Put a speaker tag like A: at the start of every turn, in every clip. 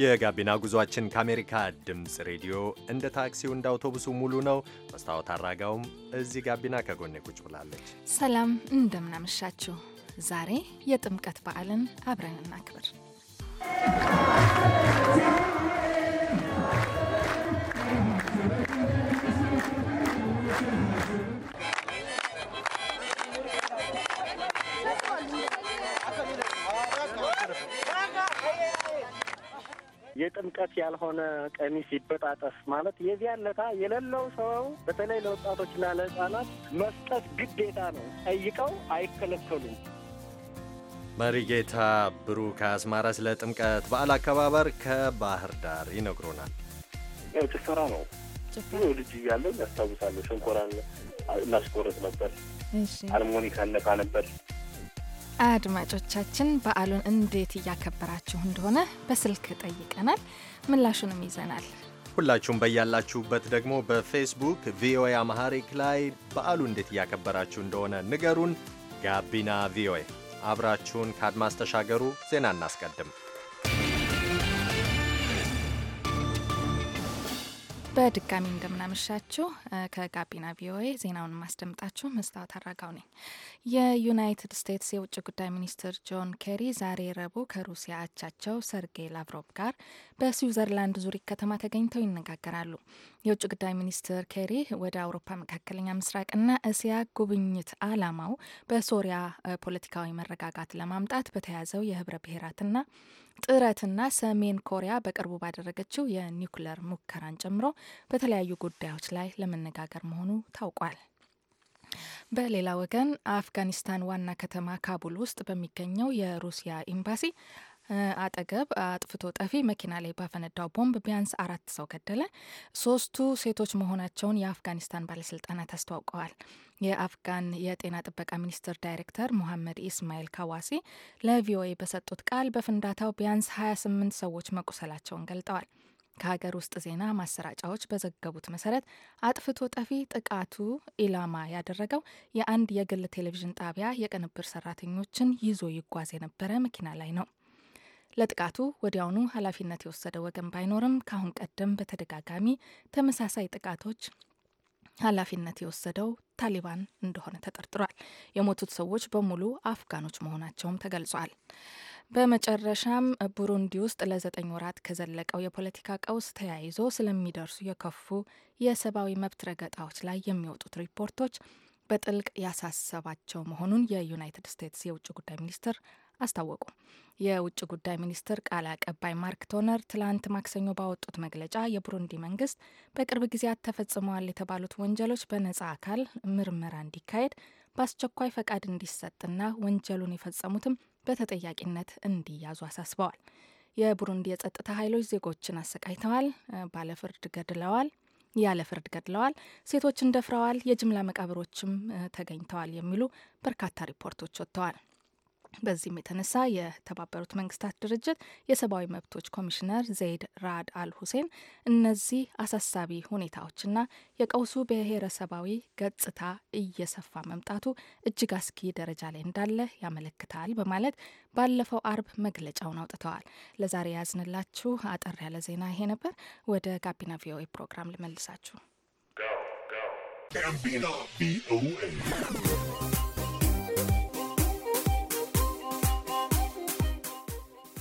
A: የጋቢና ጉዟችን ከአሜሪካ ድምፅ ሬዲዮ እንደ ታክሲው እንደ አውቶቡሱ ሙሉ ነው። መስታወት አራጋውም እዚህ ጋቢና ከጎኔ ቁጭ ብላለች።
B: ሰላም እንደምናመሻችሁ። ዛሬ የጥምቀት በዓልን አብረን እናክብር።
C: የጥምቀት ያልሆነ ቀሚስ ይበጣጠስ ማለት የዚያን ለታ የሌለው ሰው በተለይ ለወጣቶችና ለሕፃናት መስጠት ግዴታ ነው። ጠይቀው አይከለከሉም።
A: መሪጌታ ብሩክ አስማረ ስለ ጥምቀት በዓል አከባበር ከባህር ዳር ይነግሮናል።
C: ያው ጭፈራ ነው። ልጅ እያለሁ ያስታውሳለሁ። ሸንኮራ እናስቆረጥ ነበር።
B: አርሞኒካ ነካ ነበር። አድማጮቻችን በዓሉን እንዴት እያከበራችሁ እንደሆነ በስልክ ጠይቀናል፣ ምላሹንም ይዘናል።
A: ሁላችሁም በያላችሁበት ደግሞ በፌስቡክ ቪኦኤ አማሐሪክ ላይ በዓሉ እንዴት እያከበራችሁ እንደሆነ ንገሩን። ጋቢና ቪኦኤ አብራችሁን ከአድማስ ተሻገሩ። ዜና እናስቀድም።
B: በድጋሚ እንደምናመሻችሁ ከጋቢና ቪኦኤ ዜናውን ማስደምጣችሁ መስታወት አራጋው ነኝ። የዩናይትድ ስቴትስ የውጭ ጉዳይ ሚኒስትር ጆን ኬሪ ዛሬ ረቡዕ ከሩሲያ አቻቸው ሰርጌይ ላቭሮቭ ጋር በስዊዘርላንድ ዙሪክ ከተማ ተገኝተው ይነጋገራሉ። የውጭ ጉዳይ ሚኒስትር ኬሪ ወደ አውሮፓ መካከለኛ ምስራቅና እስያ ጉብኝት አላማው በሶሪያ ፖለቲካዊ መረጋጋት ለማምጣት በተያዘው የህብረ ብሔራትና ጥረትና ሰሜን ኮሪያ በቅርቡ ባደረገችው የኒውክለር ሙከራን ጨምሮ በተለያዩ ጉዳዮች ላይ ለመነጋገር መሆኑ ታውቋል። በሌላ ወገን አፍጋኒስታን ዋና ከተማ ካቡል ውስጥ በሚገኘው የሩሲያ ኤምባሲ አጠገብ አጥፍቶ ጠፊ መኪና ላይ ባፈነዳው ቦምብ ቢያንስ አራት ሰው ገደለ። ሶስቱ ሴቶች መሆናቸውን የአፍጋኒስታን ባለስልጣናት አስተዋውቀዋል። የአፍጋን የጤና ጥበቃ ሚኒስቴር ዳይሬክተር ሙሐመድ ኢስማኤል ካዋሲ ለቪኦኤ በሰጡት ቃል በፍንዳታው ቢያንስ 28 ሰዎች መቁሰላቸውን ገልጠዋል። ከሀገር ውስጥ ዜና ማሰራጫዎች በዘገቡት መሰረት አጥፍቶ ጠፊ ጥቃቱ ኢላማ ያደረገው የአንድ የግል ቴሌቪዥን ጣቢያ የቅንብር ሰራተኞችን ይዞ ይጓዝ የነበረ መኪና ላይ ነው። ለጥቃቱ ወዲያውኑ ኃላፊነት የወሰደ ወገን ባይኖርም ከአሁን ቀደም በተደጋጋሚ ተመሳሳይ ጥቃቶች ኃላፊነት የወሰደው ታሊባን እንደሆነ ተጠርጥሯል። የሞቱት ሰዎች በሙሉ አፍጋኖች መሆናቸውም ተገልጿል። በመጨረሻም ቡሩንዲ ውስጥ ለዘጠኝ ወራት ከዘለቀው የፖለቲካ ቀውስ ተያይዞ ስለሚደርሱ የከፉ የሰብአዊ መብት ረገጣዎች ላይ የሚወጡት ሪፖርቶች በጥልቅ ያሳሰባቸው መሆኑን የዩናይትድ ስቴትስ የውጭ ጉዳይ ሚኒስትር አስታወቁ። የውጭ ጉዳይ ሚኒስትር ቃል አቀባይ ማርክ ቶነር ትላንት ማክሰኞ ባወጡት መግለጫ የቡሩንዲ መንግስት በቅርብ ጊዜያት ተፈጽመዋል የተባሉት ወንጀሎች በነጻ አካል ምርመራ እንዲካሄድ በአስቸኳይ ፈቃድ እንዲሰጥና ወንጀሉን የፈጸሙትም በተጠያቂነት እንዲያዙ አሳስበዋል። የቡሩንዲ የጸጥታ ኃይሎች ዜጎችን አሰቃይተዋል፣ ባለፍርድ ገድለዋል ያለ ፍርድ ገድለዋል፣ ሴቶችን ደፍረዋል፣ የጅምላ መቃብሮችም ተገኝተዋል የሚሉ በርካታ ሪፖርቶች ወጥተዋል። በዚህም የተነሳ የተባበሩት መንግስታት ድርጅት የሰብአዊ መብቶች ኮሚሽነር ዘይድ ራድ አል ሁሴን እነዚህ አሳሳቢ ሁኔታዎችና የቀውሱ ብሔረሰባዊ ገጽታ እየሰፋ መምጣቱ እጅግ አስጊ ደረጃ ላይ እንዳለ ያመለክታል በማለት ባለፈው አርብ መግለጫውን አውጥተዋል። ለዛሬ ያዝንላችሁ አጠር ያለ ዜና ይሄ ነበር። ወደ ጋቢና ቪኦኤ ፕሮግራም ልመልሳችሁ።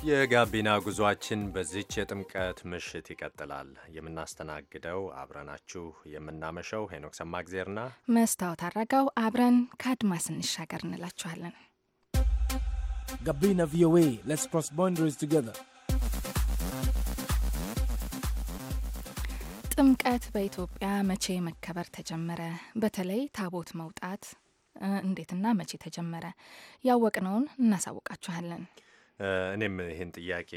A: የጋቢና ጉዟችን በዚች የጥምቀት ምሽት ይቀጥላል። የምናስተናግደው አብረናችሁ የምናመሸው ሄኖክ ሰማግዜርና
B: መስታወት አረጋው አብረን ከአድማስ እንሻገር እንላችኋለን።
A: ጋቢና ቪኦኤ ሌትስ ክሮስ ቦንደሪስ ቱጌዘር
B: ጥምቀት በኢትዮጵያ መቼ መከበር ተጀመረ? በተለይ ታቦት መውጣት እንዴትና መቼ ተጀመረ? ያወቅነውን እናሳውቃችኋለን።
A: እኔም ይህን ጥያቄ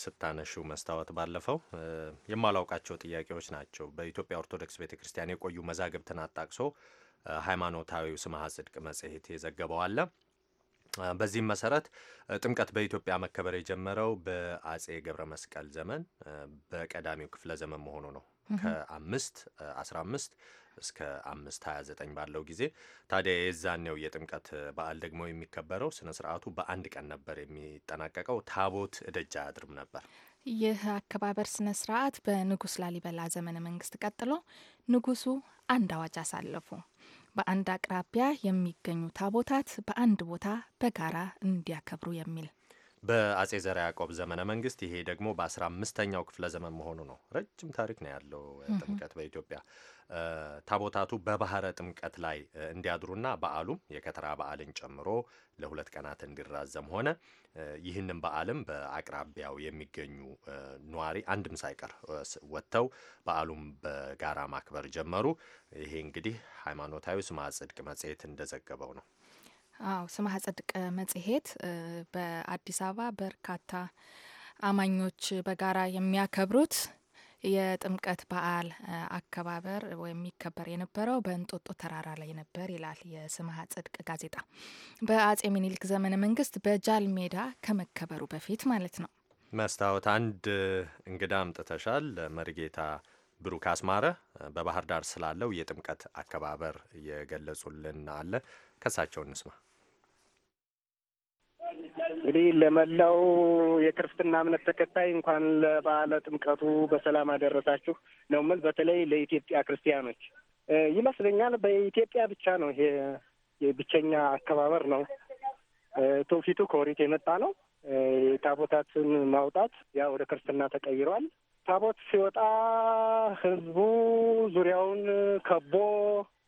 A: ስታነሹ መስታወት ባለፈው የማላውቃቸው ጥያቄዎች ናቸው። በኢትዮጵያ ኦርቶዶክስ ቤተ ክርስቲያን የቆዩ መዛግብትን አጣቅሶ ሃይማኖታዊው ስምሐ ጽድቅ መጽሔት የዘገበው አለ። በዚህም መሰረት ጥምቀት በኢትዮጵያ መከበር የጀመረው በአጼ ገብረ መስቀል ዘመን በቀዳሚው ክፍለ ዘመን መሆኑ ነው ከአምስት አስራ አምስት እስከ አምስት 29 ባለው ጊዜ ታዲያ የዛኔው የጥምቀት በዓል ደግሞ የሚከበረው ስነ ስርዓቱ በአንድ ቀን ነበር የሚጠናቀቀው። ታቦት እደጃ አድርም ነበር።
B: ይህ አከባበር ስነ ስርዓት በንጉስ ላሊበላ ዘመነ መንግስት ቀጥሎ ንጉሱ አንድ አዋጅ አሳለፉ። በአንድ አቅራቢያ የሚገኙ ታቦታት በአንድ ቦታ በጋራ እንዲያከብሩ የሚል
A: በአጼ ዘርዓ ያዕቆብ ዘመነ መንግስት ይሄ ደግሞ በአስራ አምስተኛው ክፍለ ዘመን መሆኑ ነው። ረጅም ታሪክ ነው ያለው ጥምቀት በኢትዮጵያ ታቦታቱ በባህረ ጥምቀት ላይ እንዲያድሩና በዓሉም የከተራ በዓልን ጨምሮ ለሁለት ቀናት እንዲራዘም ሆነ። ይህንም በዓልም በአቅራቢያው የሚገኙ ነዋሪ አንድም ሳይቀር ወጥተው በዓሉም በጋራ ማክበር ጀመሩ። ይሄ እንግዲህ ሃይማኖታዊ ስምዐ ጽድቅ መጽሔት እንደዘገበው ነው።
B: አዎ ስምዐ ጽድቅ መጽሔት በአዲስ አበባ በርካታ አማኞች በጋራ የሚያከብሩት የጥምቀት በዓል አከባበር ወይም የሚከበር የነበረው በእንጦጦ ተራራ ላይ ነበር ይላል የስምዐ ጽድቅ ጋዜጣ። በአጼ ምኒልክ ዘመነ መንግስት በጃል ሜዳ ከመከበሩ በፊት ማለት ነው።
A: መስታወት፣ አንድ እንግዳ አምጥተሻል። መርጌታ ብሩክ አስማረ በባህር ዳር ስላለው የጥምቀት አከባበር የገለጹልን አለ። ከሳቸው እንስማ።
C: እንግዲህ ለመላው የክርስትና እምነት ተከታይ እንኳን ለበዓለ ጥምቀቱ በሰላም አደረሳችሁ ነው የምል። በተለይ ለኢትዮጵያ ክርስቲያኖች ይመስለኛል በኢትዮጵያ ብቻ ነው ይሄ የብቸኛ አከባበር ነው። ትውፊቱ ከኦሪት የመጣ ነው። የታቦታትን ማውጣት ያ ወደ ክርስትና ተቀይሯል። ታቦት ሲወጣ ህዝቡ ዙሪያውን ከቦ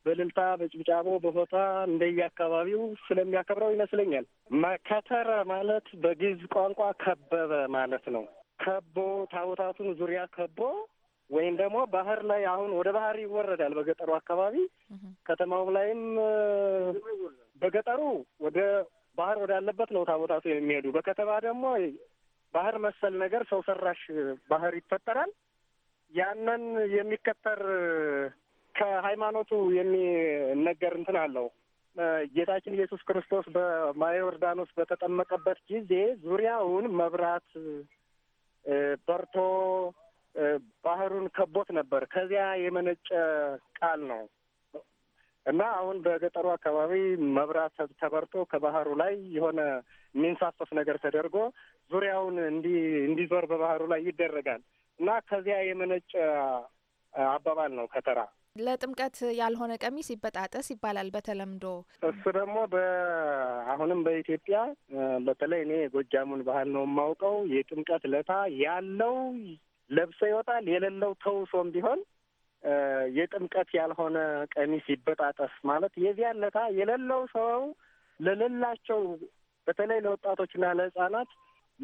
C: በልልታ በጭብጫቦ በሆታ እንደየአካባቢው ስለሚያከብረው ይመስለኛል። መከተረ ማለት በግዕዝ ቋንቋ ከበበ ማለት ነው። ከቦ ታቦታቱን ዙሪያ ከቦ ወይም ደግሞ ባህር ላይ አሁን ወደ ባህር ይወረዳል በገጠሩ አካባቢ። ከተማውም ላይም በገጠሩ ወደ ባህር ወዳለበት ነው ታቦታቱ የሚሄዱ። በከተማ ደግሞ ባህር መሰል ነገር ሰው ሰራሽ ባህር ይፈጠራል። ያንን የሚከተር ከሃይማኖቱ የሚነገር እንትን አለው። ጌታችን ኢየሱስ ክርስቶስ በማየ ዮርዳኖስ በተጠመቀበት ጊዜ ዙሪያውን መብራት በርቶ ባህሩን ከቦት ነበር። ከዚያ የመነጨ ቃል ነው። እና አሁን በገጠሩ አካባቢ መብራት ተበርቶ ከባህሩ ላይ የሆነ የሚንሳፈፍ ነገር ተደርጎ ዙሪያውን እንዲ እንዲዞር በባህሩ ላይ ይደረጋል እና ከዚያ የመነጨ አባባል ነው ከተራ
B: ለጥምቀት ያልሆነ ቀሚስ ይበጣጠስ ይባላል በተለምዶ።
C: እሱ ደግሞ አሁንም በኢትዮጵያ በተለይ እኔ የጎጃሙን ባህል ነው የማውቀው። የጥምቀት ለታ ያለው ለብሰ ይወጣል፣ የሌለው ተውሶም ቢሆን የጥምቀት ያልሆነ ቀሚስ ይበጣጠስ ማለት የዚያን ለታ የሌለው ሰው ለሌላቸው በተለይ ለወጣቶችና ለህጻናት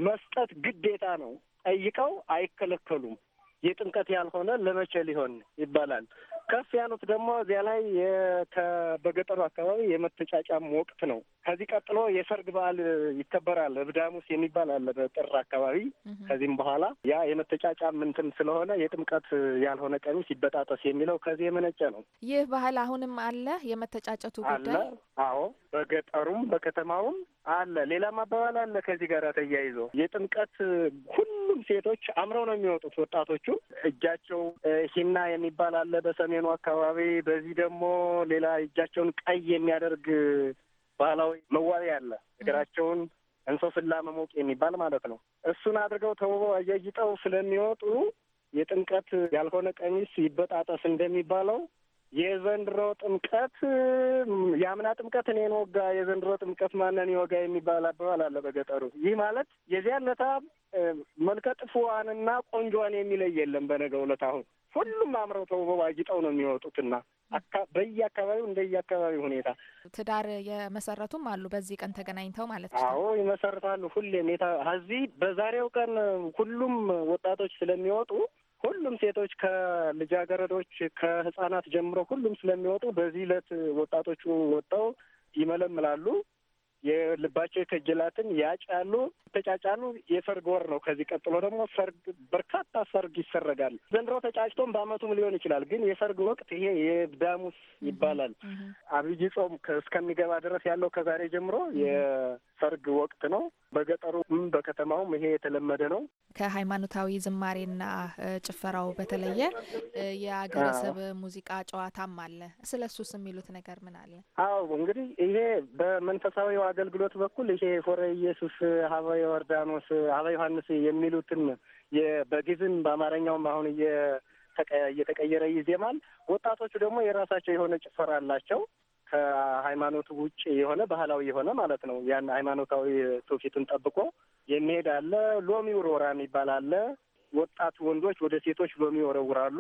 C: መስጠት ግዴታ ነው። ጠይቀው አይከለከሉም። የጥምቀት ያልሆነ ለመቼ ሊሆን ይባላል። ከፍ ያሉት ደግሞ እዚያ ላይ በገጠሩ አካባቢ የመተጫጫም ወቅት ነው። ከዚህ ቀጥሎ የሰርግ በዓል ይከበራል። እብዳሙስ የሚባል አለ በጥር አካባቢ። ከዚህም በኋላ ያ የመተጫጫም እንትን ስለሆነ የጥምቀት ያልሆነ ቀሚስ ይበጣጠስ የሚለው ከዚህ የመነጨ ነው።
B: ይህ ባህል አሁንም አለ፣ የመተጫጨቱ ጉዳይ አለ።
C: አዎ በገጠሩም በከተማውም አለ። ሌላም አባባል አለ ከዚህ ጋር ተያይዞ የጥምቀት ሁሉም ሴቶች አምረው ነው የሚወጡት። ወጣቶቹ እጃቸው ሂና የሚባል አለ በሰሜኑ ሰሜኑ አካባቢ፣ በዚህ ደግሞ ሌላ እጃቸውን ቀይ የሚያደርግ ባህላዊ መዋቢያ አለ። እግራቸውን እንሶስላ መሞቅ የሚባል ማለት ነው። እሱን አድርገው ተውበው አያይጠው ስለሚወጡ የጥምቀት ያልሆነ ቀሚስ ይበጣጠስ እንደሚባለው የዘንድሮ ጥምቀት የአምና ጥምቀት እኔን ወጋ የዘንድሮ ጥምቀት ማንን ይወጋ የሚባል አባባል አለ በገጠሩ። ይህ ማለት የዚያን ዕለት መልከ ጥፉዋንና ቆንጆዋን የሚለይ የለም። በነገ ዕለት አሁን ሁሉም አምረው ተውበው አጊጠው ነው የሚወጡትና በየአካባቢው እንደየአካባቢው ሁኔታ
B: ትዳር የመሰረቱም አሉ። በዚህ ቀን ተገናኝተው ማለት ነው።
C: አዎ ይመሰርታሉ። ሁኔታ እዚህ በዛሬው ቀን ሁሉም ወጣቶች ስለሚወጡ ሁሉም ሴቶች ከልጃገረዶች ከህጻናት ጀምሮ ሁሉም ስለሚወጡ በዚህ ዕለት ወጣቶቹ ወጥተው ይመለምላሉ። የልባቸው የከጀላትን ያጫሉ፣ ተጫጫሉ። የሰርግ ወር ነው። ከዚህ ቀጥሎ ደግሞ ሰርግ፣ በርካታ ሰርግ ይሰረጋል። ዘንድሮ ተጫጭቶም በአመቱም ሊሆን ይችላል። ግን የሰርግ ወቅት ይሄ የዳሙስ ይባላል። አብይ ጾም እስከሚገባ ድረስ ያለው ከዛሬ ጀምሮ የሰርግ ወቅት ነው። በገጠሩም በከተማውም ይሄ የተለመደ ነው።
B: ከሃይማኖታዊ ዝማሬና ጭፈራው በተለየ የአገረሰብ ሙዚቃ ጨዋታም አለ። ስለ እሱስ የሚሉት ነገር ምን አለ?
C: አዎ እንግዲህ ይሄ በመንፈሳዊ አገልግሎት በኩል ይሄ ሆረ ኢየሱስ፣ ሀበ ዮርዳኖስ፣ ሀበ ዮሐንስ የሚሉትን በግዕዝም በአማርኛውም አሁን እየተቀየረ ይዜማል። ወጣቶቹ ደግሞ የራሳቸው የሆነ ጭፈራ አላቸው ከሃይማኖቱ ውጭ የሆነ ባህላዊ የሆነ ማለት ነው። ያን ሃይማኖታዊ ትውፊቱን ጠብቆ የሚሄድ አለ። ሎሚ ውሮራ የሚባል አለ። ወጣት ወንዶች ወደ ሴቶች ሎሚ ይወረውራሉ።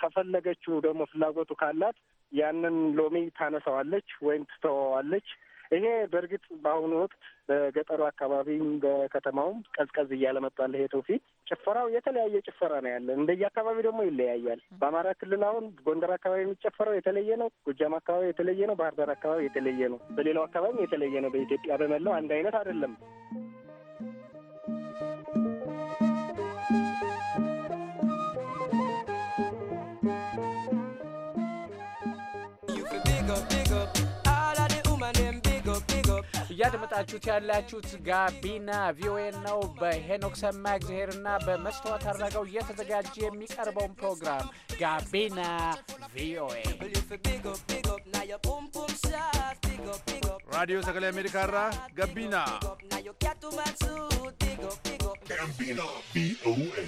C: ከፈለገችው ደግሞ ፍላጎቱ ካላት ያንን ሎሚ ታነሳዋለች ወይም ትተዋዋለች። ይሄ በእርግጥ በአሁኑ ወቅት በገጠሩ አካባቢም በከተማውም ቀዝቀዝ እያለ መጥቷል። ይሄ ትውፊት ጭፈራው የተለያየ ጭፈራ ነው ያለ። እንደየ አካባቢ ደግሞ ይለያያል። በአማራ ክልል አሁን ጎንደር አካባቢ የሚጨፈረው የተለየ ነው። ጎጃም አካባቢ የተለየ ነው። ባህር ዳር አካባቢ የተለየ ነው። በሌላው አካባቢ የተለየ ነው። በኢትዮጵያ በመላው አንድ አይነት አይደለም። እያደመጣችሁት ያላችሁት ጋቢና ቪኦኤ ነው። በሄኖክ ሰማ እግዚአብሔርና በመስተዋት አድረገው እየተዘጋጀ የሚቀርበውን ፕሮግራም ጋቢና
D: ቪኦኤ ራዲዮ ሰገሌ አሜሪካ ራ ጋቢና ጋቢና ቪኦኤ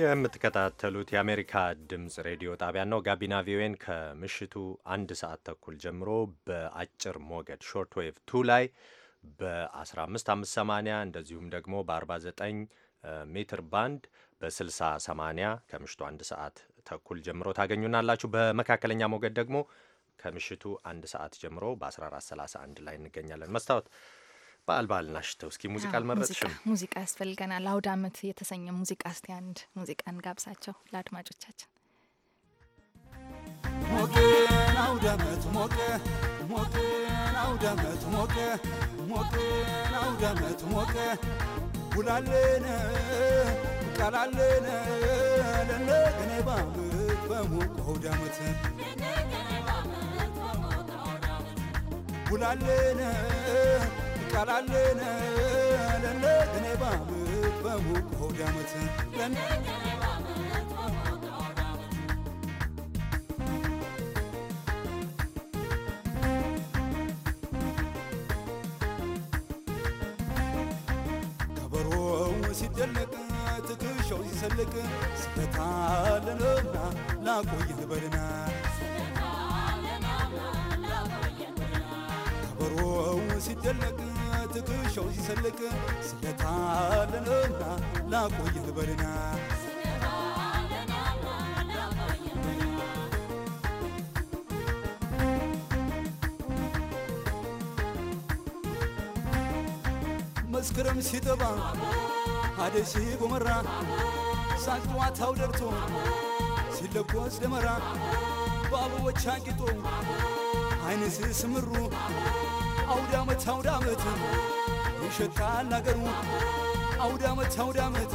A: የምትከታተሉት የአሜሪካ ድምፅ ሬዲዮ ጣቢያ ነው። ጋቢና ቪኦኤን ከምሽቱ አንድ ሰዓት ተኩል ጀምሮ በአጭር ሞገድ ሾርት ዌቭ ቱ ላይ በ15580 እንደዚሁም ደግሞ በ49 ሜትር ባንድ በ6080 ከምሽቱ አንድ ሰዓት ተኩል ጀምሮ ታገኙናላችሁ። በመካከለኛ ሞገድ ደግሞ ከምሽቱ አንድ ሰዓት ጀምሮ በ1431 ላይ እንገኛለን። መስታወት በዓል በዓል ናሽተው እስኪ ሙዚቃ አልመረጥሽም?
B: ሙዚቃ ያስፈልገናል። አውደ ዓመት የተሰኘ ሙዚቃ እስቲ አንድ ሙዚቃን ጋብሳቸው ለአድማጮቻችን።
D: ሞቀ አውደ ዓመት ሞቀ አውደ ዓመት አውደ ዓመት ለነገኔ አውደ ዓመት ቃላለነ ለለገኔ ባምት በሙቅ ሆድ ዓመት ከበሮው ሲደለቅ ትከሻው ሲሰልቅ ስበታ ለነውና ላቆየን
E: ከበሮው
D: ሲደለቅ ትልቅ ሸው ሲሰልቅ ስለታለንና ላቆይህ በልና መስከረም ሲጠባ አደይ ሲጎመራ ሳቅዋታው ደርቶ ሲለኮስ ደመራ በአበቦች አንቂጦ አይነስ ስምሩ አውዳመት አውዳመት ይሸታል አገሩ አውዳመት አውዳመት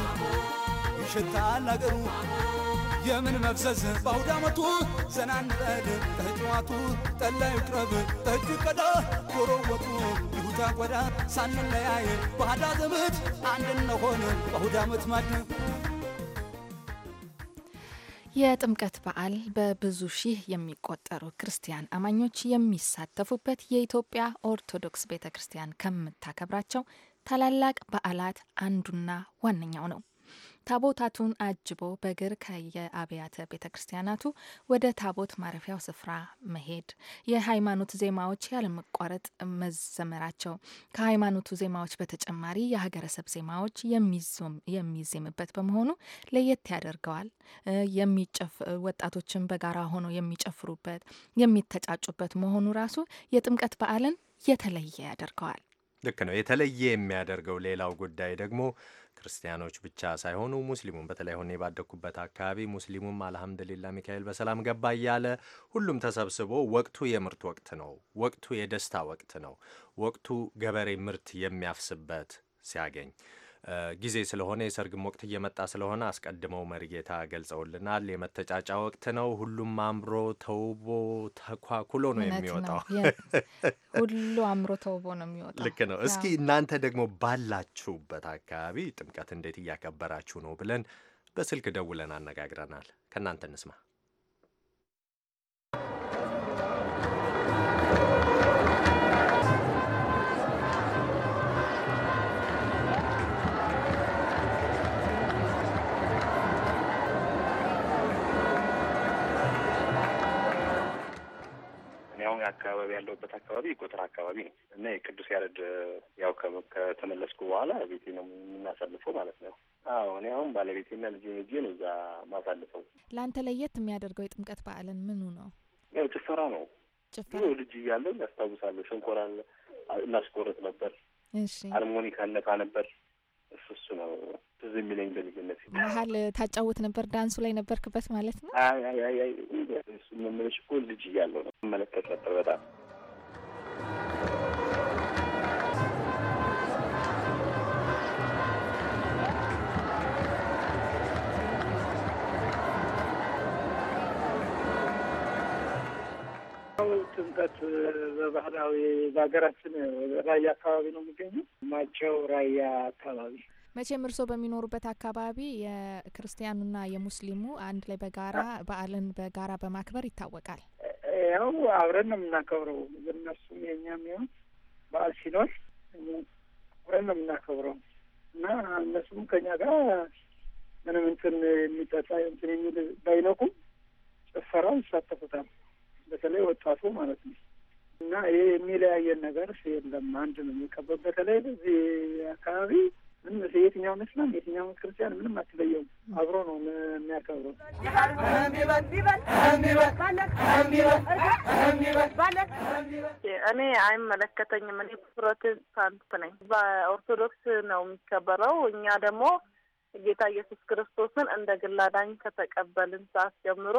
D: ይሸታል አገሩ የምን መፍዘዝ በአውዳመቱ ዘና እንበል ጠላ ይቅረብ ጠጅ ቀዳ ዶሮ ወጡ ይሁታ ቆዳ ሳንለያየ ባዳ ዘመድ አንድ እንሆን በአውዳመት ማድ
B: የጥምቀት በዓል በብዙ ሺህ የሚቆጠሩ ክርስቲያን አማኞች የሚሳተፉበት የኢትዮጵያ ኦርቶዶክስ ቤተ ክርስቲያን ከምታከብራቸው ታላላቅ በዓላት አንዱና ዋነኛው ነው። ታቦታቱን አጅቦ በእግር ከየአብያተ ቤተ ክርስቲያናቱ ወደ ታቦት ማረፊያው ስፍራ መሄድ፣ የሃይማኖት ዜማዎች ያለመቋረጥ መዘመራቸው፣ ከሃይማኖቱ ዜማዎች በተጨማሪ የሀገረሰብ ዜማዎች የሚዜምበት በመሆኑ ለየት ያደርገዋል። ወጣቶችን በጋራ ሆነው የሚጨፍሩበት፣ የሚተጫጩበት መሆኑ ራሱ የጥምቀት በዓልን የተለየ ያደርገዋል።
A: ልክ ነው። የተለየ የሚያደርገው ሌላው ጉዳይ ደግሞ ክርስቲያኖች ብቻ ሳይሆኑ ሙስሊሙም በተለይ ሆኔ ባደግኩበት አካባቢ ሙስሊሙም አልሐምድሊላ ሚካኤል በሰላም ገባ እያለ ሁሉም ተሰብስቦ ወቅቱ የምርት ወቅት ነው፣ ወቅቱ የደስታ ወቅት ነው፣ ወቅቱ ገበሬ ምርት የሚያፍስበት ሲያገኝ ጊዜ ስለሆነ የሰርግም ወቅት እየመጣ ስለሆነ አስቀድመው መሪጌታ ገልጸውልናል። የመተጫጫ ወቅት ነው። ሁሉም አምሮ ተውቦ ተኳኩሎ ነው የሚወጣው።
B: ሁሉ አምሮ ተውቦ ነው የሚወጣው። ልክ ነው። እስኪ
A: እናንተ ደግሞ ባላችሁበት አካባቢ ጥምቀት እንዴት እያከበራችሁ ነው ብለን በስልክ ደውለን አነጋግረናል። ከእናንተ እንስማ።
C: አካባቢ ያለሁበት አካባቢ ቁጥር አካባቢ ነው እና የቅዱስ ያረድ ያው ከተመለስኩ በኋላ ቤቴ ነው የምናሳልፈው ማለት ነው። አዎ እኔ አሁን ባለቤቴና ልጅ ልጅ ነው እዛ ማሳልፈው።
B: ለአንተ ለየት የሚያደርገው የጥምቀት በዓልን ምኑ ነው?
C: ያው ጭፈራ ነው። ጭፈራ ልጅ እያለሁ ያስታውሳለሁ። ሸንኮራ እናስቆርጥ ነበር። እሺ አርሞኒካ ነፋ ነበር። እሱ እሱ ነው ትዝ የሚለኝ በልጅነት።
B: መሀል ታጫውት ነበር? ዳንሱ ላይ ነበርክበት ማለት ነው?
C: አይ እሱ መመለሽ እኮ ልጅ እያለሁ ነው እመለከት ነበር በጣም ጥምቀት በባህላዊ በሀገራችን ራያ አካባቢ ነው የሚገኘው። ማቸው ራያ አካባቢ
B: መቼም እርስዎ በሚኖሩበት አካባቢ የክርስቲያኑና የሙስሊሙ አንድ ላይ በጋራ በዓልን በጋራ በማክበር ይታወቃል።
C: ያው አብረን ነው የምናከብረው። እነሱም የእኛም ይሁን በዓል ሲኖር አብረን ነው የምናከብረው እና እነሱም ከኛ ጋር ምንም እንትን የሚጠጣ እንትን የሚል ባይነኩም ጭፈራው ይሳተፉታል። በተለይ ወጣቱ ማለት ነው። እና ይሄ የሚለያየን ነገር የለም፣ አንድ ነው የሚቀበል። በተለይ በዚህ አካባቢ ምንም የትኛውም እስላም ክርስቲያን ምንም አትለየውም። አብሮ ነው የሚያከብረው። እኔ አይመለከተኝም። እኔ ፕሮቴስታንት ነኝ። በኦርቶዶክስ ነው የሚከበረው። እኛ ደግሞ ጌታ ኢየሱስ ክርስቶስን እንደ ግል አዳኝ ከተቀበልን ሰዓት ጀምሮ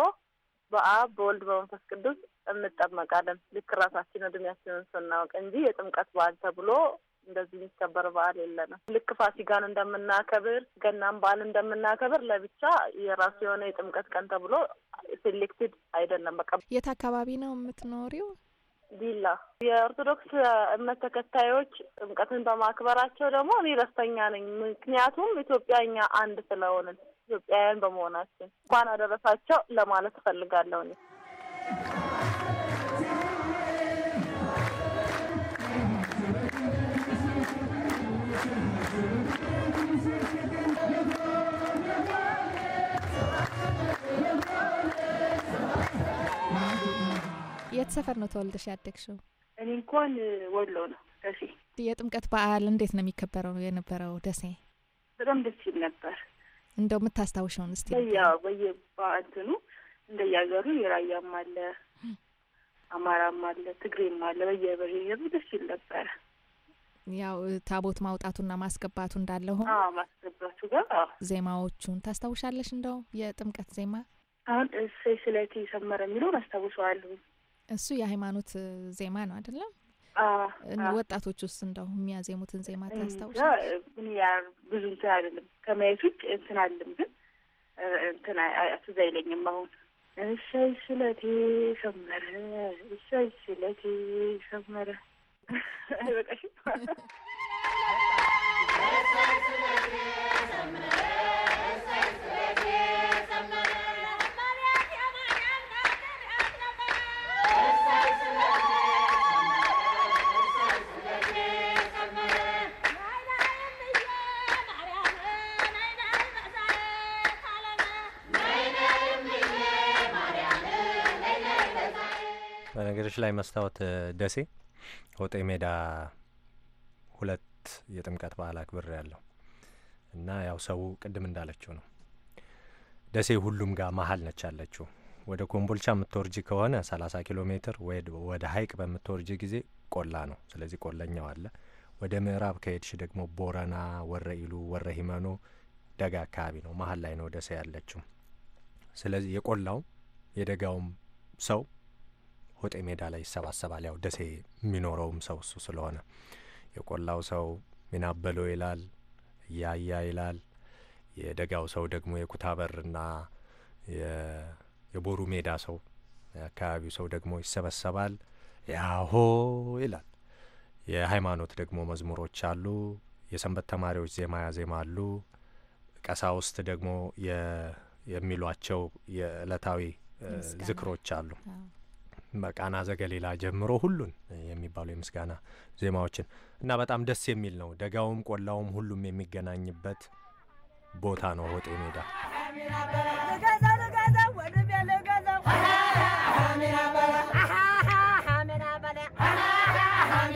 C: በአብ በወልድ በመንፈስ ቅዱስ እንጠመቃለን። ልክ ራሳችን እድሜያችንን ስናውቅ እንጂ የጥምቀት በዓል ተብሎ እንደዚህ የሚከበር በዓል የለንም። ልክ ፋሲካን እንደምናከብር ገናን በዓል እንደምናከብር ለብቻ የራሱ የሆነ የጥምቀት ቀን ተብሎ ሴሌክትድ አይደለም።
B: በቃ የት አካባቢ ነው የምትኖሪው?
C: ዲላ የኦርቶዶክስ እምነት ተከታዮች ጥምቀትን በማክበራቸው ደግሞ እኔ ደስተኛ ነኝ። ምክንያቱም ኢትዮጵያ እኛ አንድ ስለሆንን ኢትዮጵያውያን በመሆናችን እንኳን አደረሳቸው ለማለት እፈልጋለሁ እኔ
B: የት ሰፈር ነው ተወልደሽ ያደግሽው?
C: እኔ እንኳን ወሎ ነው ደሴ።
B: የጥምቀት በዓል እንዴት ነው የሚከበረው የነበረው ደሴ?
C: በጣም ደስ ይል ነበር።
B: እንደው የምታስታውሸውን እስቲ።
C: በየ በአንትኑ እንደያገሩ የራያም አለ አማራም አለ ትግሬም አለ። በየበሄሩ ደስ ይል ነበረ።
B: ያው ታቦት ማውጣቱና ማስገባቱ እንዳለ ሆኖ
C: ማስገባቱ ጋር
B: ዜማዎቹን ታስታውሻለሽ? እንደው የጥምቀት ዜማ
C: አሁን እሰይ ስለቴ ሰመረ የሚለውን አስታውሰዋለሁ።
B: እሱ የሃይማኖት ዜማ ነው አይደለም? ወጣቶች ውስጥ እንደው የሚያዜሙትን ዜማ ታስታውሳ?
C: ብዙ እንትን አይደለም ከማየት ውጭ እንትን አለም ግን እንትን ትዝ አይለኝም አሁን እሰይ ስለቴ ሰመረ፣ እሰይ ስለቴ ሰመረ አይበቃሽም?
A: በነገርሽ ላይ መስታወት ደሴ ሆጤ ሜዳ ሁለት የጥምቀት በዓል አክብር ያለው እና ያው ሰው ቅድም እንዳለችው ነው። ደሴ ሁሉም ጋር መሀል ነች ያለችው። ወደ ኮምቦልቻ የምትወርጂ ከሆነ ሰላሳ ኪሎ ሜትር ወደ ሀይቅ በምትወርጂ ጊዜ ቆላ ነው። ስለዚህ ቆለኛው አለ። ወደ ምዕራብ ከሄድሽ ደግሞ ቦረና፣ ወረ ኢሉ፣ ወረ ሂመኖ ደጋ አካባቢ ነው። መሀል ላይ ነው ደሴ ያለችው። ስለዚህ የቆላውም የደጋውም ሰው ሆጤ ሜዳ ላይ ይሰባሰባል። ያው ደሴ የሚኖረውም ሰው እሱ ስለሆነ የቆላው ሰው ሚናበሎ ይላል፣ እያያ ይላል። የደጋው ሰው ደግሞ የኩታበርና የቦሩ ሜዳ ሰው የአካባቢው ሰው ደግሞ ይሰበሰባል። ያሆ ይላል። የሃይማኖት ደግሞ መዝሙሮች አሉ። የሰንበት ተማሪዎች ዜማ ያዜማ አሉ። ቀሳውስት ደግሞ የሚሏቸው የዕለታዊ ዝክሮች አሉ። በቃና ዘገሌላ ጀምሮ ሁሉን የሚባሉ የምስጋና ዜማዎችን እና በጣም ደስ የሚል ነው። ደጋውም ቆላውም ሁሉም የሚገናኝበት ቦታ ነው ሆጤ ሜዳ።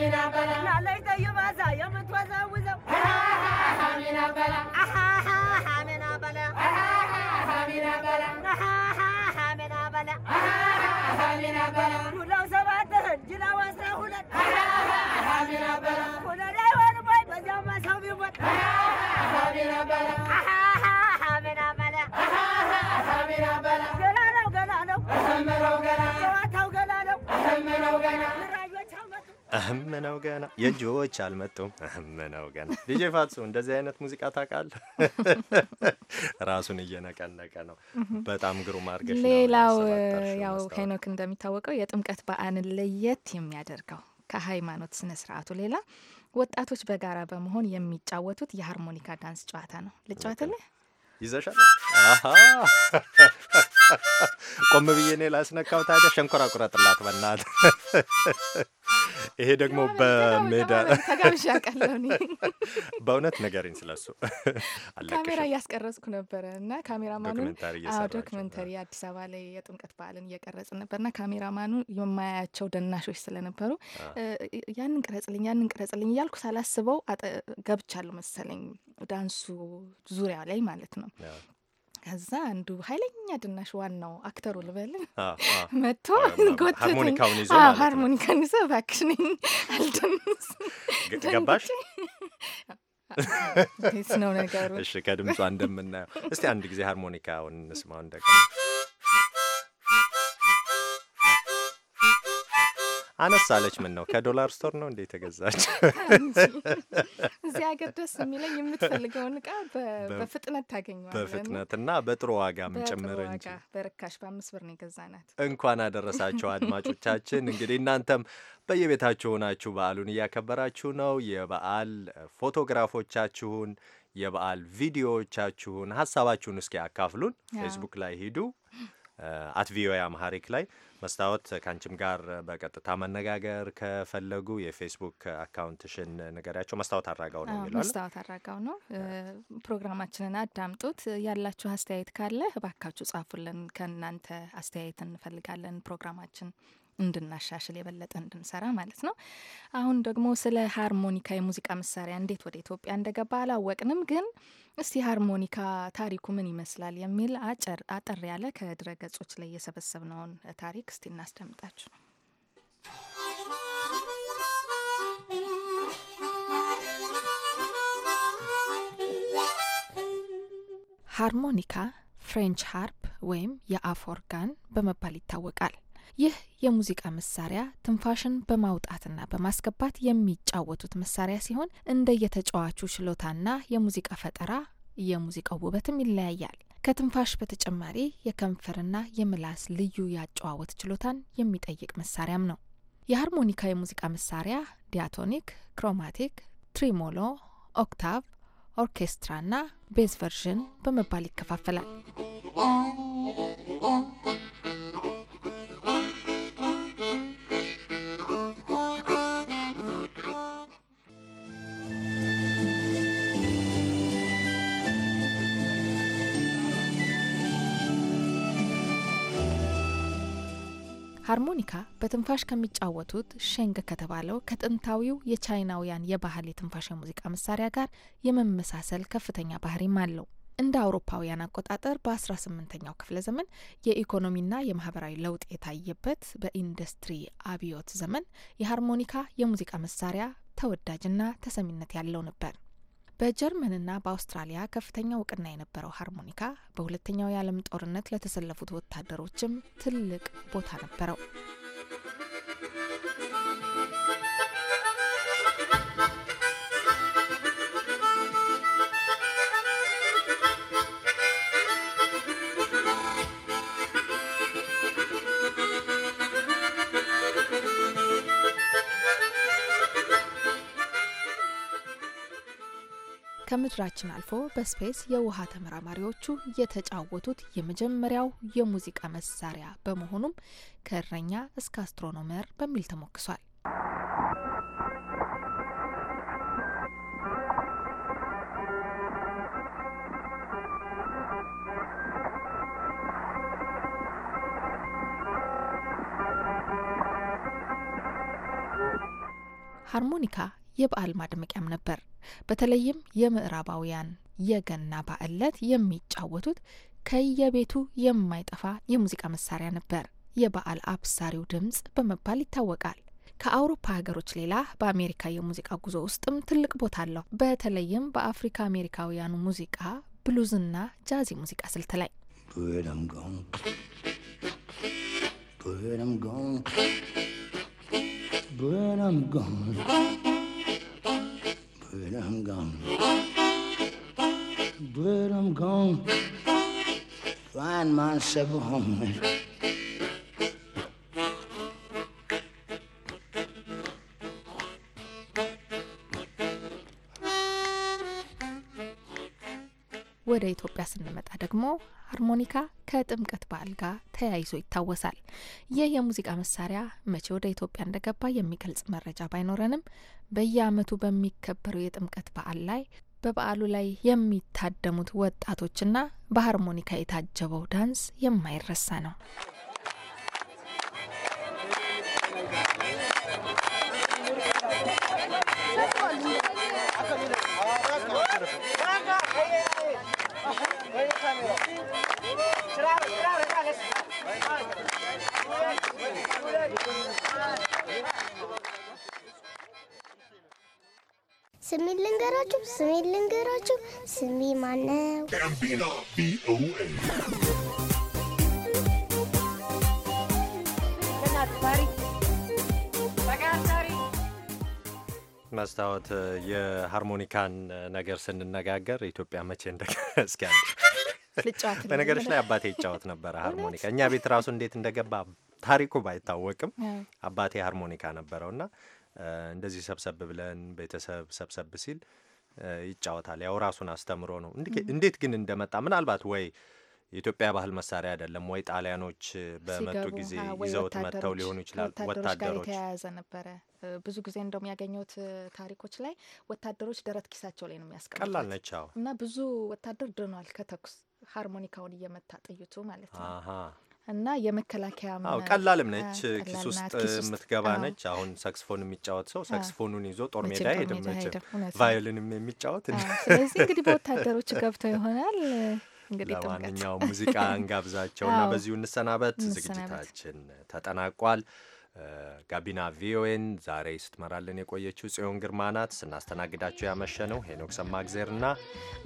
E: ሜዳ bye
A: ነው ገና የጆዎች አልመጡም። ነው ገና ዲጄ ፋትሱ እንደዚህ አይነት ሙዚቃ ታውቃል። ራሱን እየነቀነቀ ነው። በጣም ግሩም አድርገሽ።
B: ሌላው ያው ሄኖክ እንደሚታወቀው የጥምቀት በዓልን ለየት የሚያደርገው ከሃይማኖት ስነ ስርዓቱ ሌላ ወጣቶች በጋራ በመሆን የሚጫወቱት የሃርሞኒካ ዳንስ ጨዋታ ነው። ልጫወትልህ
A: ይዘሻል። ቆም ብዬ እኔ ላስነካው። ታዲያ ሸንኮራ ቁረጥላት በናት ይሄ ደግሞ በሜዳ ተጋብዣ ቀለው በእውነት ነገሪን ስለሱ ካሜራ
B: እያስቀረጽኩ ነበረ እና ካሜራማኑ ዶክመንተሪ አዲስ አበባ ላይ የጥምቀት በዓልን ነበር እና ካሜራማኑ የማያቸው ደናሾች ስለነበሩ ያንን ቅረጽልኝ ያንን ቅረጽልኝ እያልኩ ሳላስበው ገብቻለሁ መሰለኝ ዳንሱ ዙሪያ ላይ ማለት ነው። ከዛ አንዱ ኃይለኛ ድናሽ ዋናው አክተሩ ልበል መጥቶ ጎተተኝ። ሃርሞኒካውን ይዘ እባክሽ ነኝ አልደንስ ገባሽ ነው ነገሩ። እሺ ከድምጿ
A: እንደምናየው እስቲ አንድ ጊዜ ሃርሞኒካውን እንስማውን ደግሞ አነሳለች። ምን ነው ከዶላር ስቶር ነው እንዴ የተገዛች? እዚህ ሀገር ደስ የሚለኝ የምትፈልገውን
B: እቃ በፍጥነት ታገኘዋል። በፍጥነት እና
A: በጥሩ ዋጋም ጭምር እንጂ
B: በርካሽ በአምስት ብር ነው የገዛናት።
A: እንኳን አደረሳችሁ አድማጮቻችን። እንግዲህ እናንተም በየቤታችሁ ሆናችሁ በዓሉን እያከበራችሁ ነው። የበዓል ፎቶግራፎቻችሁን የበዓል ቪዲዮዎቻችሁን ሀሳባችሁን እስኪ አካፍሉን። ፌስቡክ ላይ ሂዱ፣ አት ቪኦኤ አምሃሪክ ላይ መስታወት ከአንቺም ጋር በቀጥታ መነጋገር ከፈለጉ የፌስቡክ አካውንትሽን ንገሪያቸው። መስታወት አራጋው ነው የሚለው መስታወት
B: አድራጋው ነው። ፕሮግራማችንን አዳምጡት። ያላችሁ አስተያየት ካለ እባካችሁ ጻፉልን። ከእናንተ አስተያየት እንፈልጋለን። ፕሮግራማችን እንድናሻሽል የበለጠ እንድንሰራ ማለት ነው። አሁን ደግሞ ስለ ሃርሞኒካ የሙዚቃ መሳሪያ እንዴት ወደ ኢትዮጵያ እንደገባ አላወቅንም ግን እስቲ ሃርሞኒካ ታሪኩ ምን ይመስላል የሚል አጭር አጠር ያለ ከድረ ገጾች ላይ የሰበሰብነውን ታሪክ እስቲ እናስደምጣችሁ። ሃርሞኒካ ፍሬንች ሃርፕ ወይም የአፍ ኦርጋን በመባል ይታወቃል። ይህ የሙዚቃ መሳሪያ ትንፋሽን በማውጣትና በማስገባት የሚጫወቱት መሳሪያ ሲሆን እንደ የተጫዋቹ ችሎታና የሙዚቃ ፈጠራ የሙዚቃው ውበትም ይለያያል። ከትንፋሽ በተጨማሪ የከንፈርና የምላስ ልዩ ያጨዋወት ችሎታን የሚጠይቅ መሳሪያም ነው። የሃርሞኒካ የሙዚቃ መሳሪያ ዲያቶኒክ፣ ክሮማቲክ፣ ትሪሞሎ፣ ኦክታቭ፣ ኦርኬስትራና ቤዝ ቨርዥን በመባል ይከፋፈላል። ሃርሞኒካ በትንፋሽ ከሚጫወቱት ሸንግ ከተባለው ከጥንታዊው የቻይናውያን የባህል የትንፋሽ የሙዚቃ መሳሪያ ጋር የመመሳሰል ከፍተኛ ባህሪም አለው። እንደ አውሮፓውያን አቆጣጠር በ18ኛው ክፍለ ዘመን የኢኮኖሚና የማህበራዊ ለውጥ የታየበት በኢንዱስትሪ አብዮት ዘመን የሃርሞኒካ የሙዚቃ መሳሪያ ተወዳጅና ተሰሚነት ያለው ነበር። በጀርመንና በአውስትራሊያ ከፍተኛ እውቅና የነበረው ሃርሞኒካ በሁለተኛው የዓለም ጦርነት ለተሰለፉት ወታደሮችም ትልቅ ቦታ ነበረው። ከምድራችን አልፎ በስፔስ የውሃ ተመራማሪዎቹ የተጫወቱት የመጀመሪያው የሙዚቃ መሳሪያ በመሆኑም ከእረኛ እስከ አስትሮኖመር በሚል ተሞክሷል። ሃርሞኒካ የበዓል ማድመቂያም ነበር። በተለይም የምዕራባውያን የገና በዓል ዕለት የሚጫወቱት ከየቤቱ የማይጠፋ የሙዚቃ መሳሪያ ነበር። የበዓል አብሳሪው ድምፅ በመባል ይታወቃል። ከአውሮፓ ሀገሮች ሌላ በአሜሪካ የሙዚቃ ጉዞ ውስጥም ትልቅ ቦታ አለው። በተለይም በአፍሪካ አሜሪካውያኑ ሙዚቃ ብሉዝና ጃዝ ሙዚቃ ስልት ላይ
D: But I'm gone. I'm gone. Blood, I'm gone. Blood, I'm gone. Find myself a home.
B: ወደ ኢትዮጵያ ስንመጣ ደግሞ ሃርሞኒካ ከጥምቀት በዓል ጋር ተያይዞ ይታወሳል። ይህ የሙዚቃ መሳሪያ መቼ ወደ ኢትዮጵያ እንደገባ የሚገልጽ መረጃ ባይኖረንም በየዓመቱ በሚከበረው የጥምቀት በዓል ላይ በበዓሉ ላይ የሚታደሙት ወጣቶችና በሃርሞኒካ የታጀበው ዳንስ የማይረሳ ነው።
E: ስሜ ልንገራችሁ ስሜ ልንገራችሁ ስሜ ማነው?
A: መስታወት የሃርሞኒካን ነገር ስንነጋገር ኢትዮጵያ መቼ እንደገ
B: በነገሮች ላይ አባቴ
A: ይጫወት ነበረ ሃርሞኒካ። እኛ ቤት ራሱ እንዴት እንደገባ ታሪኩ ባይታወቅም አባቴ ሃርሞኒካ ነበረው እና እንደዚህ ሰብሰብ ብለን ቤተሰብ ሰብሰብ ሲል ይጫወታል። ያው ራሱን አስተምሮ ነው። እንዴት ግን እንደመጣ ምናልባት ወይ የኢትዮጵያ ባህል መሳሪያ አይደለም ወይ? ጣሊያኖች በመጡ ጊዜ ይዘውት መጥተው ሊሆኑ ይችላል። ወታደሮች ጋር የተያያዘ
B: ነበረ። ብዙ ጊዜ እንደውም ያገኘሁት ታሪኮች ላይ ወታደሮች ደረት ኪሳቸው ላይ ነው የሚያስቀምጡት። ቀላል ነች እና ብዙ ወታደር ድኗል ከተኩስ ሃርሞኒካውን እየመታ ጥይቱ ማለት ነው እና የመከላከያ ቀላልም ነች፣ ኪስ ውስጥ የምትገባ ነች።
A: አሁን ሳክስፎን የሚጫወት ሰው ሳክስፎኑን ይዞ ጦር ሜዳ ሄድም፣ ቫዮሊንም የሚጫወት ስለዚህ እንግዲህ በወታደሮች
B: ገብተው ይሆናል እንግዲህ ለማንኛውም ሙዚቃ እንጋብዛቸው እና በዚሁ እንሰናበት። ዝግጅታችን
A: ተጠናቋል። ጋቢና ቪኦኤን ዛሬ ስትመራልን የቆየችው ጽዮን ግርማ ናት። ስናስተናግዳቸው ያመሸ ነው ሄኖክ ሰማእግዜር እና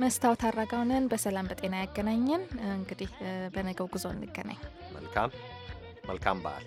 B: መስታወት አረጋውነን። በሰላም በጤና ያገናኘን። እንግዲህ በነገው ጉዞ እንገናኝ።
A: መልካም መልካም በዓል